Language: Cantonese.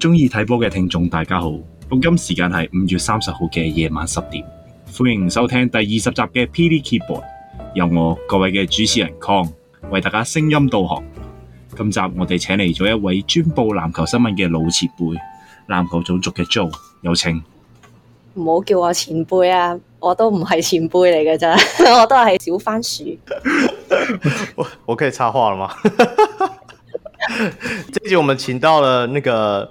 中意睇波嘅聽眾，大家好！錄音時間係五月三十號嘅夜晚十點，歡迎收聽第二十集嘅霹靂 Keyboard，由我，各位嘅主持人 Kong 為大家聲音導航。今集我哋請嚟咗一位專報籃球新聞嘅老前輩，籃球種族嘅 Joe，有請。唔好叫我前輩啊，我都唔係前輩嚟嘅咋，我都係小番薯。 我我可以插話了嗎？這 集我們請到了那個。